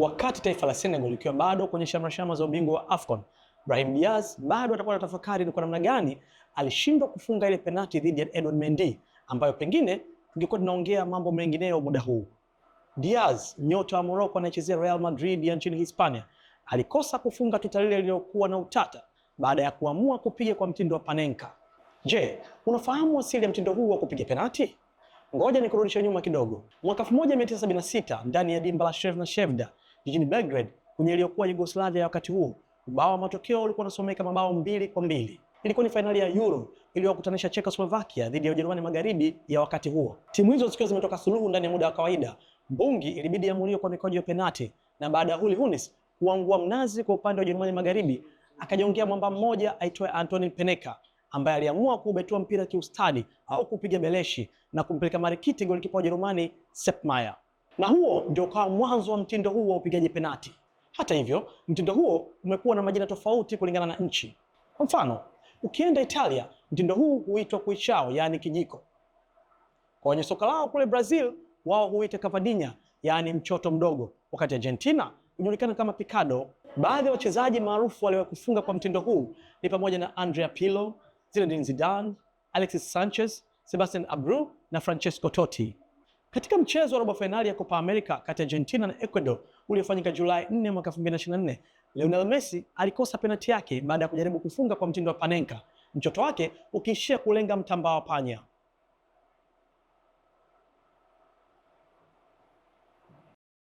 wakati taifa la Senegal likiwa bado kwenye shamrashamra za ubingwa wa AFCON, Brahim Diaz bado atakuwa na tafakari ni kwa namna gani alishindwa kufunga ile penalti dhidi ya Edouard Mendy ambayo pengine tungekuwa tunaongea mambo mengineyo muda huu. Diaz, nyota wa Morocco anayechezea Real Madrid ya nchini Hispania, alikosa kufunga tuta lile lililokuwa na utata baada ya kuamua kupiga kwa mtindo wa panenka. Je, unafahamu asili ya mtindo huu wa kupiga penalti? Ngoja nikurudishe nyuma kidogo. Mwaka 1976 ndani ya dimba la Shevna Shevda jijini Belgrade kwenye iliyokuwa Yugoslavia ya wakati huo. Ubao wa matokeo ulikuwa unasomeka mabao mbili kwa mbili. Ilikuwa ni fainali ya Euro iliyokutanisha Czechoslovakia dhidi ya Ujerumani Magharibi ya wakati huo. Timu hizo zikiwa zimetoka suluhu ndani ya muda wa kawaida, mbungi ilibidi iamuliwe kwa mikoji ya penati, na baada ya Uli Hoeneß kuangua mnazi kwa upande wa Ujerumani Magharibi, akajongea mwamba mmoja aitwa Antonin Peneka ambaye aliamua kuubetua mpira kiustadi au kupiga beleshi na kumpeleka marikiti golikipa wa Ujerumani Sepp Maier na huo ndio ukawa mwanzo wa mtindo huu wa upigaji penati. Hata hivyo, mtindo huo umekuwa na majina tofauti kulingana na nchi. Kwa mfano, ukienda Italia, mtindo huu huitwa kuichao, yaani kijiko. Kwa wenye soka lao kule Brazil, wao huita cavadinha, yaani mchoto mdogo, wakati Argentina unajulikana kama picado. Baadhi ya wachezaji maarufu waliwahi kufunga kwa mtindo huu ni pamoja na Andrea Pirlo, Zinedine Zidane, Alexis Sanchez, Sebastian Abreu na Francesco Totti. Katika mchezo wa robo fainali ya Copa America kati ya Argentina na Ecuador uliofanyika Julai 4 mwaka 2024, Lionel Messi alikosa penalti yake baada ya kujaribu kufunga kwa mtindo wa panenka, mchoto wake ukiishia kulenga mtambaa wa panya.